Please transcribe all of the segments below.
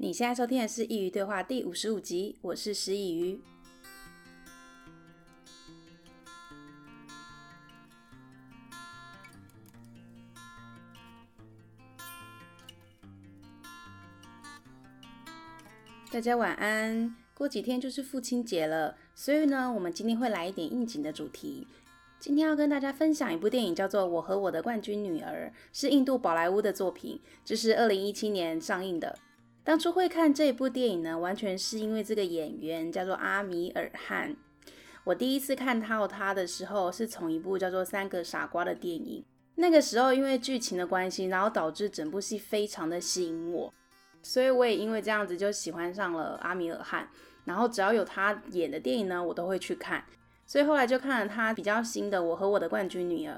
你現在收聽的是《佾萮對話》第五十五集，我是師佾萮。大家晚安。過幾天就是父親節了，所以呢，我們今天會來一點應景的主題。今天要跟大家分享一部電影，叫做《我和我的冠軍女兒》，是印度寶萊塢的作品，這、就是二零一七年上映的。當初會看這部電影呢，完全是因為這個演員叫做阿米爾汗。我第一次看到他的時候，是從一部叫做《三個傻瓜》的電影。那個時候因為劇情的關係，然後導致整部戲非常的吸引我，所以我也因為這樣子就喜歡上了阿米爾汗。然後只要有他演的電影呢，我都會去看。所以後來就看了他比較新的《我和我的冠軍女兒》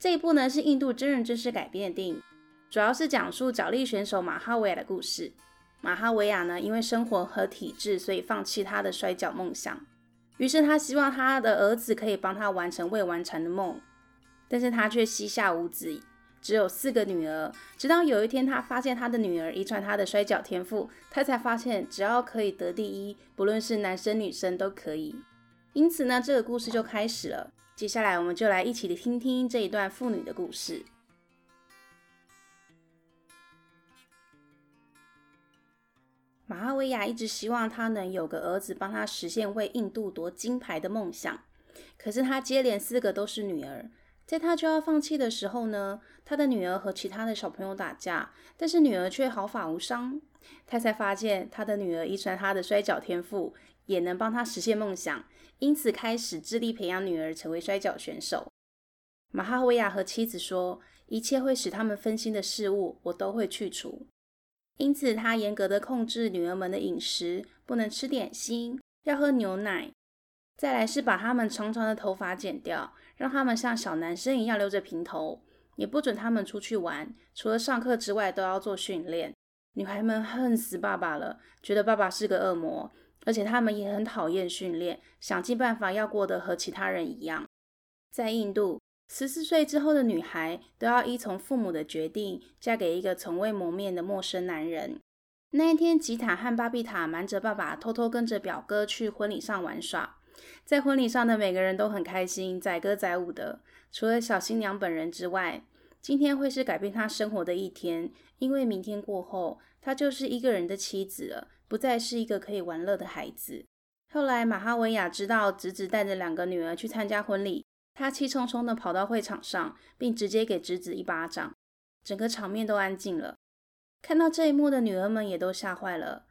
這一部呢，是印度真人真事改編的電影，主要是講述角力選手馬哈維亞的故事。馬哈維亞呢，因為生活和體質，所以放棄他的摔跤夢想。於是他希望他的兒子可以幫他完成未完成的夢，但是他卻膝下無子，只有四個女兒。直到有一天，他發現他的女兒遺傳他的摔跤天賦，他才發現只要可以得第一，不論是男生女生都可以。因此呢，這個故事就開始了。接下來我們就來一起聽聽這一段父女的故事。馬哈維亞一直希望他能有個兒子，幫他實現為印度奪金牌的夢想。可是他接連四個都是女兒，在他就要放棄的時候呢，他的女兒和其他的小朋友打架，但是女兒卻毫髮無傷。他才發現他的女兒遺傳他的摔跤天賦，也能幫他實現夢想，因此開始致力培養女兒成為摔跤選手。馬哈維亞和妻子說：“一切會使他們分心的事物，我都會去除。”因此，他嚴格的控制女兒們的飲食，不能吃點心，要喝牛奶。再來是把他們長長的頭髮剪掉，讓他們像小男生一樣留着平頭，也不准他們出去玩，除了上課之外都要做訓練。女孩們恨死爸爸了，覺得爸爸是個惡魔，而且他們也很討厭訓練，想盡辦法要過得和其他人一樣。在印度，十四歲之後的女孩都要依從父母的決定，嫁給一個從未謀面的陌生男人。那一天，吉塔和巴比塔瞞着爸爸，偷偷跟着表哥去婚禮上玩耍。在婚禮上的每個人都很開心，載歌載舞的。除了小新娘本人之外，今天會是改變她生活的一天，因為明天過後，她就是一個人的妻子了，不再是一個可以玩樂的孩子。後來，馬哈維亞知道侄子帶着兩個女兒去參加婚禮。他氣沖沖地跑到會場上，並直接給侄子一巴掌，整個場面都安靜了。看到這一幕的女兒們也都嚇壞了，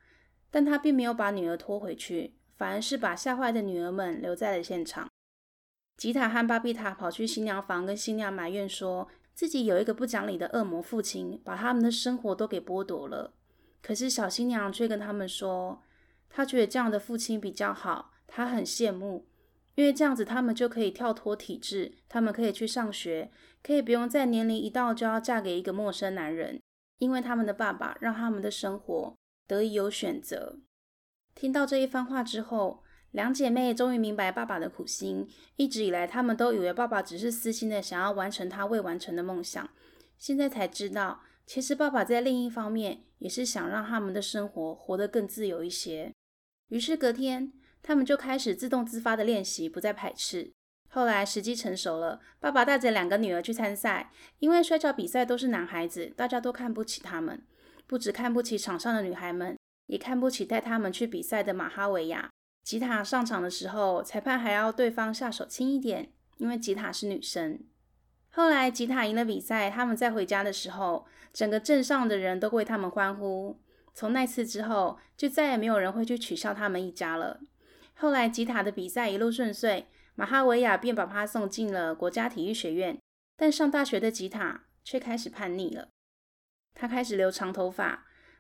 但他並沒有把女兒拖回去，反而是把嚇壞的女兒們留在了現場。吉塔和巴比塔跑去新娘房，跟新娘埋怨說自己有一個不講理的惡魔父親，把他們的生活都給剝奪了。可是小新娘卻跟他們說，她覺得這樣的父親比較好，她很羨慕。因為這樣子，他們就可以跳脫體制，他們可以去上學，可以不用在年齡一到就要嫁給一個陌生男人。因為他們的爸爸讓他們的生活得以有選擇。聽到這一番話之後，兩姐妹終於明白爸爸的苦心。一直以來，他們都以為爸爸只是私心的想要完成他未完成的夢想，現在才知道，其實爸爸在另一方面也是想讓他們的生活活得更自由一些。於是隔天，他們就開始自動自發的練習，不再排斥。後來時機成熟了，爸爸帶着兩個女兒去參賽。因為摔跤比賽都是男孩子，大家都看不起他們，不止看不起場上的女孩們，也看不起帶他們去比賽的馬哈維亞。吉塔上場的時候，裁判還要對方下手輕一點，因為吉塔是女生。後來吉塔贏了比賽，他們在回家的時候，整個鎮上的人都為他們歡呼。從那次之後，就再也沒有人會去取笑他們一家了。後來吉塔的比賽一路順遂，馬哈維亞便把他送進了國家體育學院。但上大學的吉塔卻開始叛逆了，他開始留長頭髮，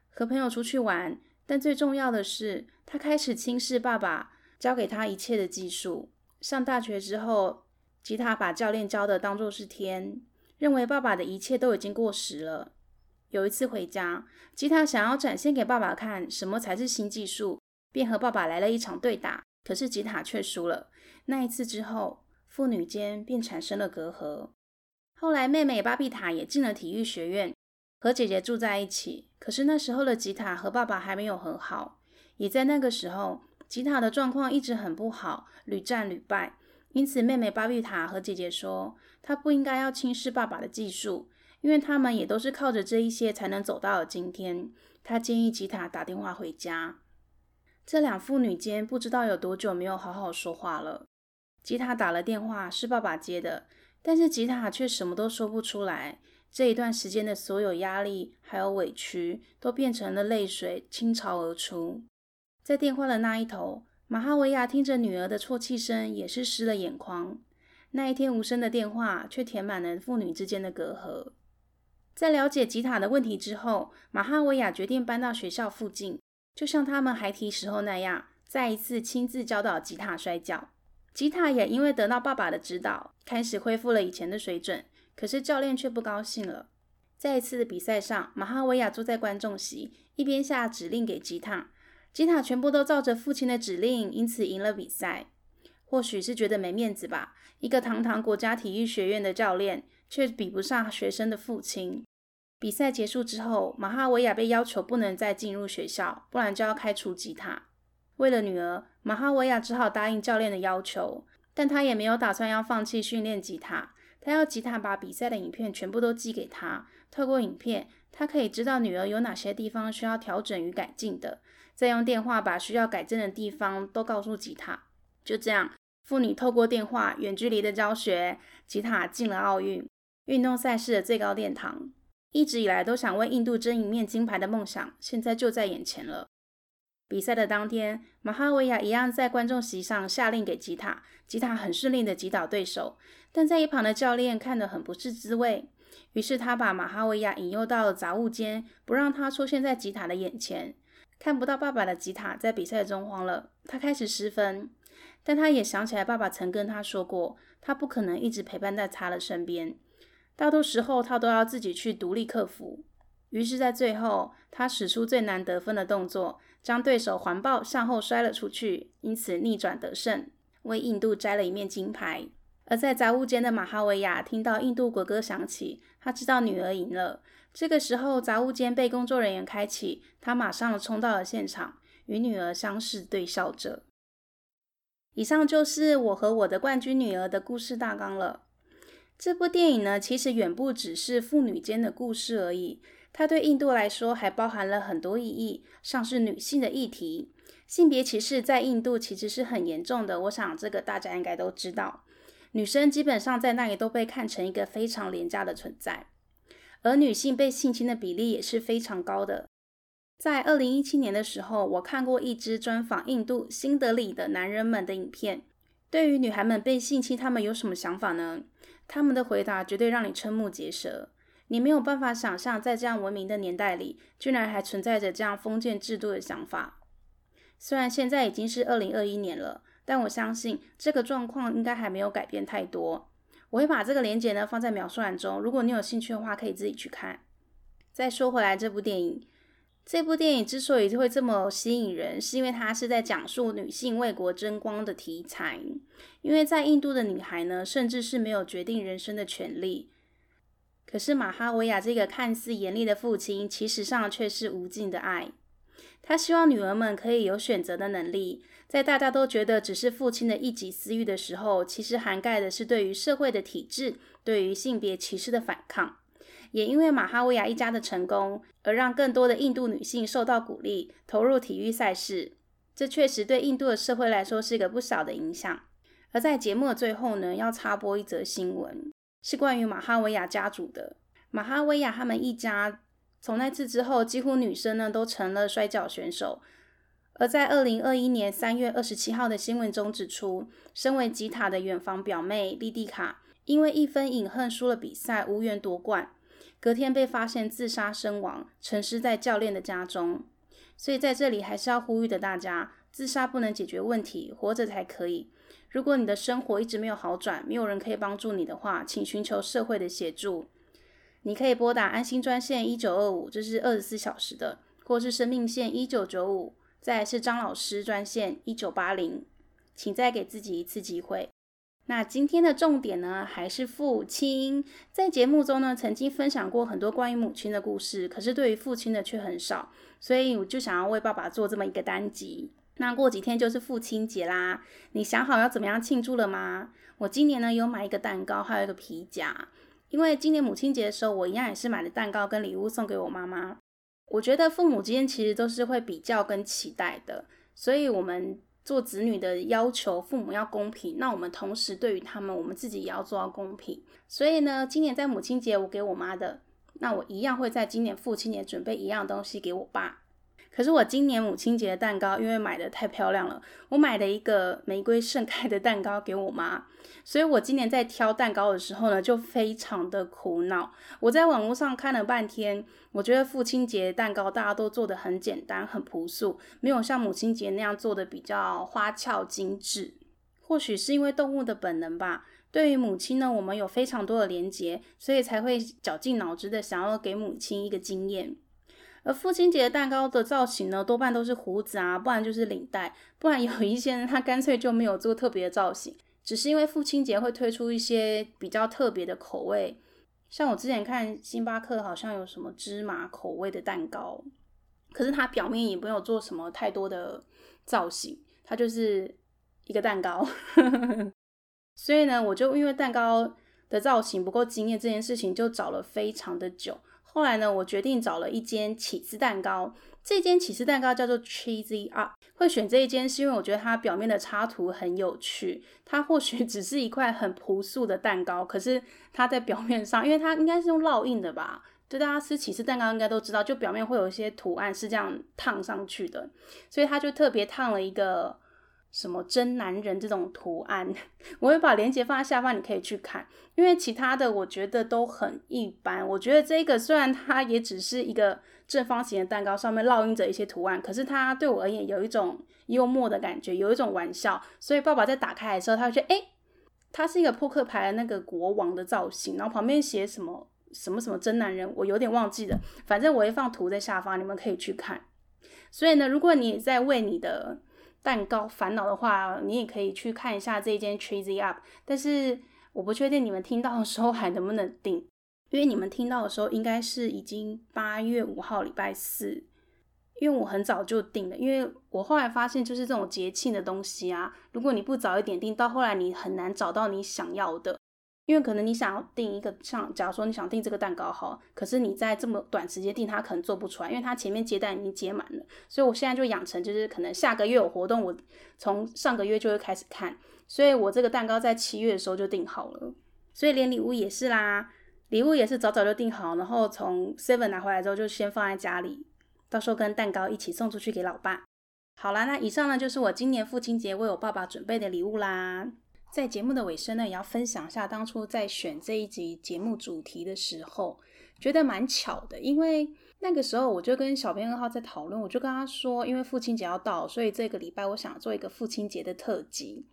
和朋友出去玩。但最重要的是，他開始輕視爸爸教給他一切的技術。上大學之後，吉塔把教練教的當做是天，認為爸爸的一切都已經過時了。有一次回家，吉塔想要展現給爸爸看什麼才是新技術，便和爸爸來了一場對打。可是吉塔卻輸了。那一次之後，父女間便產生了隔閡。後來，妹妹巴比塔也進了體育學院，和姐姐住在一起。可是那時候的吉塔和爸爸還沒有和好。也在那個時候，吉塔的狀況一直很不好，屢戰屢敗。因此，妹妹巴比塔和姐姐說，她不應該要輕視爸爸的技術，因為他們也都是靠着這一些才能走到了今天。她建議吉塔打電話回家。這兩父女間不知道有多久沒有好好說話了。吉塔打了電話，是爸爸接的，但是吉塔卻什麼都說不出來。這一段時間的所有壓力還有委屈，都變成了淚水傾巢而出。在電話的那一頭，馬哈維亞聽着女兒的啜泣聲，也是濕了眼眶。那一天無聲的電話，卻填滿了父女之間的隔閡。在了解吉塔的問題之後，馬哈維亞決定搬到學校附近。就像他們孩提時候那樣，再一次親自教導吉塔摔跤。吉塔也因為得到爸爸的指導，開始恢復了以前的水準。可是教練卻不高興了。再一次的比賽上，馬哈維亞坐在觀眾席，一邊下指令給吉塔，吉塔全部都照着父親的指令，因此贏了比賽。或許是覺得沒面子吧，一個堂堂國家體育學院的教練，卻比不上學生的父親。比賽結束之後，馬哈維亞被要求不能再進入學校，不然就要開除吉他。為了女兒，馬哈維亞只好答應教練的要求，但他也沒有打算要放棄訓練吉他。他要吉他把比賽的影片全部都寄給他。透過影片，他可以知道女兒有哪些地方需要調整與改進的，再用電話把需要改正的地方都告訴吉他。就這樣，父女透過電話遠距離的教學，吉他進了奧運運動賽事的最高殿堂。一直以來都想為印度爭一面金牌的夢想，現在就在眼前了。比賽的當天，馬哈維亞一樣在觀眾席上下令給吉塔，吉塔很順利地擊倒對手，但在一旁的教練看得很不是滋味。於是他把馬哈維亞引誘到了雜物間，不讓他出現在吉塔的眼前。看不到爸爸的吉塔在比賽中慌了，她開始失分。但她也想起來爸爸曾跟她說過，她不可能一直陪伴在他的身邊。大多時候，他都要自己去獨立克服。於是，在最後，他使出最難得分的動作，將對手環抱向後摔了出去，因此逆轉得勝，為印度摘了一面金牌。而在雜物間的馬哈維亞聽到印度國歌響起，他知道女兒贏了。這個時候，雜物間被工作人員開啟，他馬上衝到了現場，與女兒相視對笑着。以上就是我和我的冠軍女兒的故事大綱了。這部電影呢，其實遠不只是父女間的故事而已。它對印度來說還包含了很多意義，像是女性的議題。性別歧視在印度其實是很嚴重的，我想這個大家應該都知道。女生基本上在那裡都被看成一個非常廉價的存在，而女性被性侵的比例也是非常高的。在二零一七年的時候，我看過一支專訪印度新德里的男人們的影片。對於女孩們被性侵，他們有什麼想法呢？他們的回答絕對讓你瞠目結舌，你沒有辦法想象在這樣文明的年代裡，居然還存在着這樣封建制度的想法。雖然現在已經是二零二一年了，但我相信這個狀況應該還沒有改變太多。我會把這個連結呢放在描述欄中，如果你有興趣的話，可以自己去看。再說回來，這部電影。這部電影之所以會這麼吸引人，是因為它是在講述女性為國爭光的題材。因為在印度的女孩呢，甚至是沒有決定人生的權利。可是馬哈維亞這個看似嚴厲的父親，其實上卻是無盡的愛。他希望女兒們可以有選擇的能力，在大家都覺得只是父親的一己私欲的時候，其實涵蓋的是對於社會的體制、對於性別歧視的反抗。也因為馬哈維亞一家的成功，而讓更多的印度女性受到鼓勵，投入體育賽事。這確實對印度的社會來說是一個不小的影響。而在節目的最後呢，要插播一則新聞，是關於馬哈維亞家族的。馬哈維亞他們一家從那次之後，幾乎女生呢都成了摔跤選手。而在二零二一年三月二十七號的新聞中指出，身為吉塔的遠房表妹莉蒂卡，因為一分飲恨輸了比賽，無緣奪冠。隔天被發現自殺身亡，陳屍在教練的家中。所以在這裡還是要呼籲的大家：自殺不能解決問題，活着才可以。如果你的生活一直沒有好轉，沒有人可以幫助你的話，請尋求社會的協助。你可以撥打安心專線一九二五，這是二十四小時的；或是生命線一九九五，再來是張老師專線一九八零。請再給自己一次機會。那今天的重點呢，還是父親。在節目中呢，曾經分享過很多關於母親的故事，可是對於父親的卻很少，所以我就想要為爸爸做這麼一個單集。那過幾天就是父親節啦，你想好要怎麼樣慶祝了嗎？我今年呢，有買一個蛋糕，還有一個皮夾，因為今年母親節的時候，我一樣也是買了蛋糕跟禮物送給我媽媽。我覺得父母之間其實都是會比較跟期待的，所以我們，做子女的要求，父母要公平。那我們同時對於他們，我們自己也要做到公平。所以呢，今年在母親節我給我媽的，那我一樣會在今年父親節準備一樣東西給我爸。可是我今年母親節的蛋糕，因為買的太漂亮了，我買了一個玫瑰盛開的蛋糕給我媽，所以我今年在挑蛋糕的時候呢，就非常的苦惱。我在網絡上看了半天，我覺得父親節蛋糕大家都做的很簡單、很樸素，沒有像母親節那樣做的比較花俏精緻。或許是因為動物的本能吧，對於母親呢，我們有非常多的連結，所以才會絞盡腦汁的想要給母親一個驚豔。而父親節蛋糕的造型呢，多半都是鬍子啊，不然就是領帶，不然有一些人他乾脆就沒有做特別的造型，只是因為父親節會推出一些比較特別的口味，像我之前看星巴克好像有什麼芝麻口味的蛋糕，可是它表面也沒有做什麼太多的造型，它就是一個蛋糕， 所以呢，我就因為蛋糕的造型不夠驚艷這件事情，就找了非常的久。後來呢，我決定找了一間起司蛋糕。這間起司蛋糕叫做 Chiz Up。會選這一間是因為我覺得它表面的插圖很有趣。它或許只是一塊很樸素的蛋糕，可是它在表面上，因為它應該是用烙印的吧？對，大家吃起司蛋糕應該都知道，就表面會有一些圖案是這樣燙上去的。所以它就特別燙了一個。什麼真男人這種圖案，我會把鏈接放在下方，你可以去看。因為其他的我覺得都很一般。我覺得這個雖然它也只是一個正方形的蛋糕，上面烙印着一些圖案，可是它對我而言有一種幽默的感覺，有一種玩笑。所以爸爸在打開來的時候，他就覺得，誒，它是一個撲克牌的那個國王的造型，然後旁邊寫什麼什麼什麼真男人，我有點忘記了。反正我會放圖在下方，你們可以去看。所以呢，如果你也在為你的蛋糕煩惱的話，你也可以去看一下這一間 Chiz Up，但是我不確定你們聽到的時候還能不能訂，因為你們聽到的時候應該是已經八月五號禮拜四，因為我很早就訂了，因為我後來發現就是這種節慶的東西啊，如果你不早一點訂，到後來你很難找到你想要的。因為可能你想要訂一個像，假如說你想訂這個蛋糕哈，可是你在這麼短時間訂，他可能做不出來，因為他前面接單已經接滿了。所以我現在就養成，就是可能下個月有活動，我從上個月就會開始看。所以我這個蛋糕在七月的時候就訂好了，所以連禮物也是啦，禮物也是早早就訂好，然後從 Seven 拿回來之後就先放在家裡，到時候跟蛋糕一起送出去給老爸。好啦，那以上呢就是我今年父親節為我爸爸準備的禮物啦。在節目的尾聲，呢，也要分享一下當初在選這一集節目主題的時候，覺得蠻巧的，因為那個時候我就跟小編二號在討論，我就跟他說，因為父親節要到，所以這個禮拜我想做一個父親節的特輯。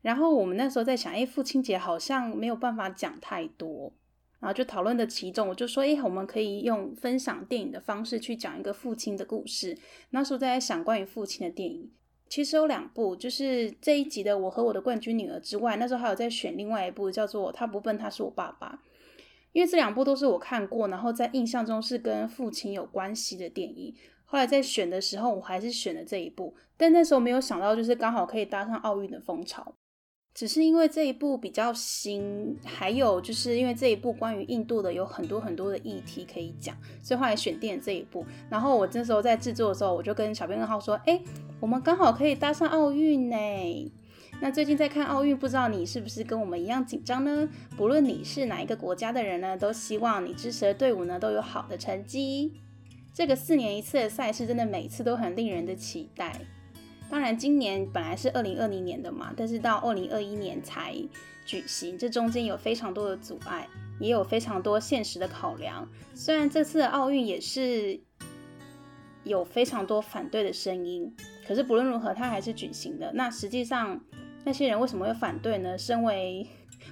然後我們那時候在想，誒、哎，父親節好像沒有辦法講太多，然後就討論的其中，我就說，誒、哎，我們可以用分享電影的方式去講一個父親的故事。那時候在想關於父親的電影。其實有兩部，就是這一集的《我和我的冠軍女兒》之外，那時候還有在選另外一部叫做《他不笨，他是我爸爸》，因為這兩部都是我看過，然後在印象中是跟父親有關係的電影。後來在選的時候，我還是選了這一部，但那時候沒有想到，就是剛好可以搭上奧運的風潮。只是因為這一部比較新，還有就是因為這一部關於印度的有很多很多的議題可以講，所以後來選定了這一部。然後我這時候在製作的時候，我就跟小編二號說：“哎，我們剛好可以搭上奧運呢。那最近在看奧運，不知道你是不是跟我們一樣緊張呢？不論你是哪一個國家的人呢，都希望你支持的隊伍呢都有好的成績。這個四年一次的賽事，真的每次都很令人的期待。”當然，今年本來是二零二零年的嘛，但是到二零二一年才舉行，這中間有非常多的阻礙，也有非常多現實的考量。雖然這次的奧運也是有非常多反對的聲音，可是不論如何，它還是舉行的。那實際上，那些人為什麼會反對呢？身為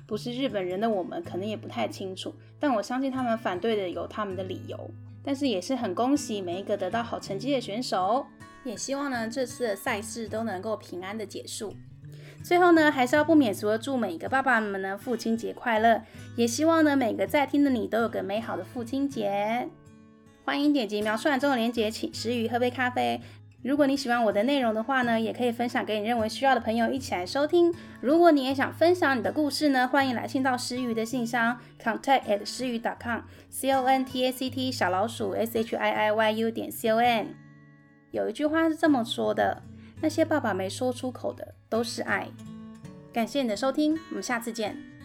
不是日本人的我們，可能也不太清楚。但我相信他們反對的有他們的理由。但是也是很恭喜每一個得到好成績的選手。也希望呢，這次的賽事都能夠平安的結束。最後呢，還是要不免俗的祝每一個爸爸們呢父親節快樂。也希望呢，每個在聽的你都有個美好的父親節。歡迎點擊描述欄中的鏈接，請師佾萮喝杯咖啡。如果你喜歡我的內容的話呢，也可以分享給你認為需要的朋友一起來收聽。如果你也想分享你的故事呢，歡迎來信到師佾萮的信箱 contact at 師佾萮點 c o m contact 小老鼠 s h i i y u 點 c o m。有一句話是這麼說的：“那些爸爸沒說出口的，都是愛。”感謝你的收聽，我們下次見。